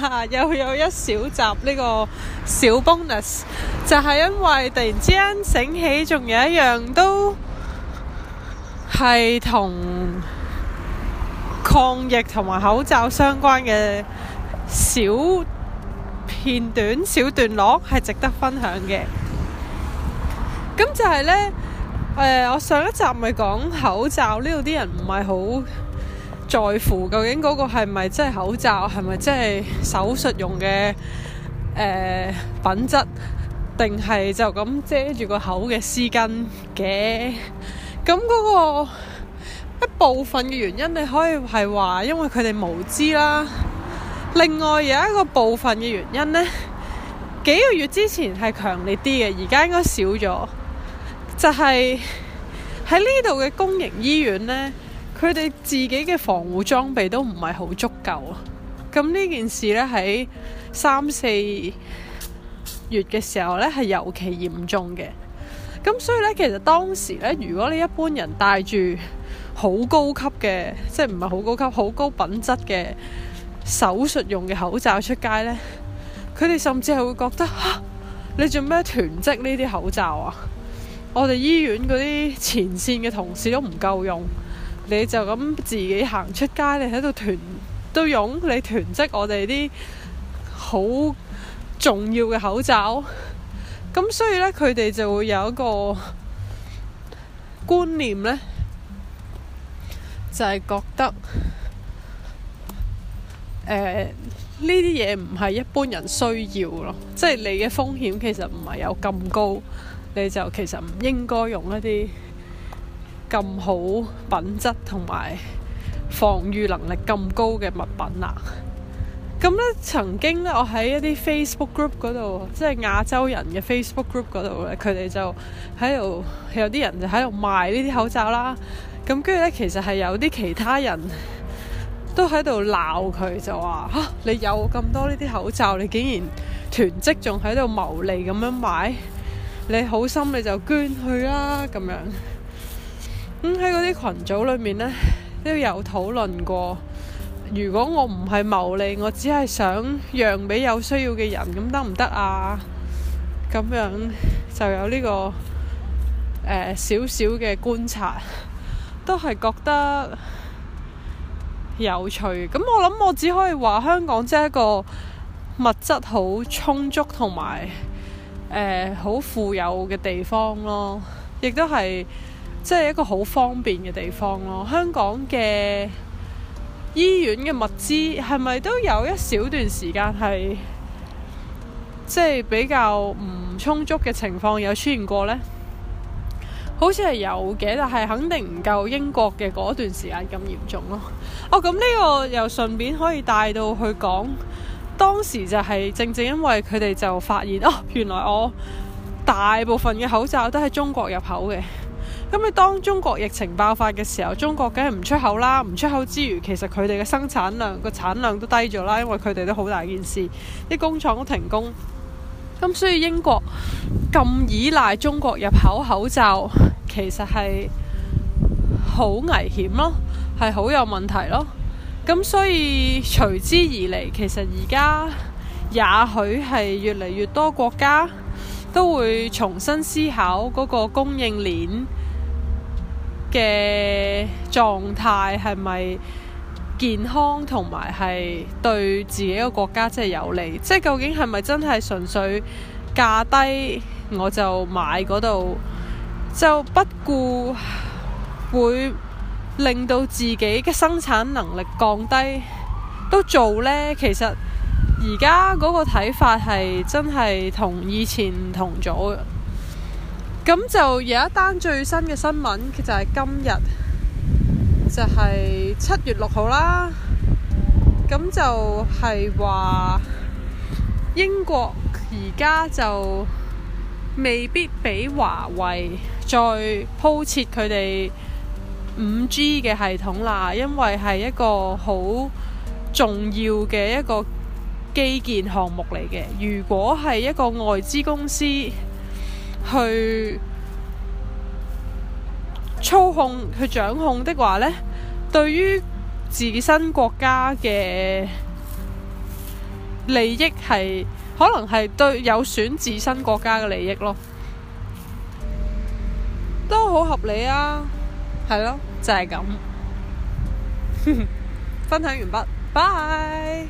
又、啊、有，有一小集呢、這個小 bonus，就係因為突然之間醒起，仲有一樣都係同抗疫同埋口罩相關嘅小片段、小段落，係值得分享嘅。咁就係呢，誒、呃，我上一集咪講口罩呢度啲人唔係好在乎究竟嗰個係咪即係口罩，係咪即係手術用嘅，誒、呃、品質定係就咁遮住口那那個口嘅絲巾嘅？咁嗰個一部分嘅原因，你可以係話，因為佢哋無知啦。另外有一個部分嘅原因咧，幾個月之前係強烈啲嘅，而家應該少咗，就係，喺呢度嘅公營醫院咧。佢哋自己嘅防護裝備都唔係好足夠。啊！咁呢件事咧，喺三四月嘅時候咧係尤其嚴重嘅。咁所以咧，其實當時咧，如果你一般人戴住好高級嘅，即係唔係好高級好高品質嘅手術用嘅口罩出街咧，佢哋甚至係會覺得嚇、啊、你做咩囤積呢啲口罩啊？我哋醫院嗰啲前線嘅同事都唔夠用。你就咁自己行出街，你喺度囤，都用你囤積我哋啲好重要嘅口罩，咁所以呢，佢哋就會有一個觀念呢，就係覺得誒，呢啲嘢唔係一般人需要咯，即係你嘅風險其實唔係有咁高，你就其實唔應該用一啲。咁好品質同埋防禦能力咁高嘅物品啊！咁 咧、嗯、曾經咧，我喺一啲 Facebook group 嗰度，即係亞洲人嘅 Facebook group 嗰度咧，佢哋就喺度有啲人就喺度賣呢啲口罩啦。咁跟住咧，其實係有啲其他人都喺度鬧佢，就話嚇、啊、你有咁多呢啲口罩，你竟然囤積仲喺度牟利咁樣買，你好心你就捐去啦咁樣。咁喺嗰啲群組裏面呢，都有討論過，如果我唔係牟利，我只係想讓俾有需要嘅人，咁得唔得啊？咁樣就有呢個誒少少嘅觀察，都係覺得有趣。咁我諗我只可以話香港即係一個物質好充足同埋誒好富有嘅地方咯，亦都係。即係一個好方便嘅地方咯。香港嘅醫院嘅物資係咪都有一小段時間係即係比較唔充足嘅情況有出現過呢？好似係有嘅，但係肯定唔夠英國嘅嗰段時間咁嚴重咯，啊。哦，咁、嗯、呢、呢個又順便可以帶到去講。當時就係正正因為佢哋就發現哦，原來我大部分嘅口罩都係中國入口嘅。咁你當中國疫情爆發嘅時候，中國梗係唔出口啦，唔出口之餘，其實佢哋嘅生產量個產量都低咗啦，因為佢哋都好大件事，啲工廠都停工。咁所以英國咁依賴中國入口口罩，其實係好危險咯，係好有問題咯。咁所以隨之而嚟，其實而家也許係越嚟越多國家都會重新思考嗰個供應鏈。嘅狀態係咪健康，同埋係對自己一個國家真係有利？即係究竟係咪真係純粹價低我就買嗰度，就不顧會令到自己嘅生產能力降低都做呢？其實而家嗰個睇法係真係同以前唔同咗。咁就有一單最新嘅新聞，其實係今日，就係七月六號啦。咁就係話英國而家就未必俾華為再鋪設佢哋五 G 嘅系統啦，因為係一個好重要嘅一個基建項目嚟嘅。如果係一個外資公司。去操控、去掌控的話呢，對於自身國家嘅利益係，可能係對有損自身國家嘅利益咯，都好合理啊，係咯了，就係咁， 分享完畢，拜。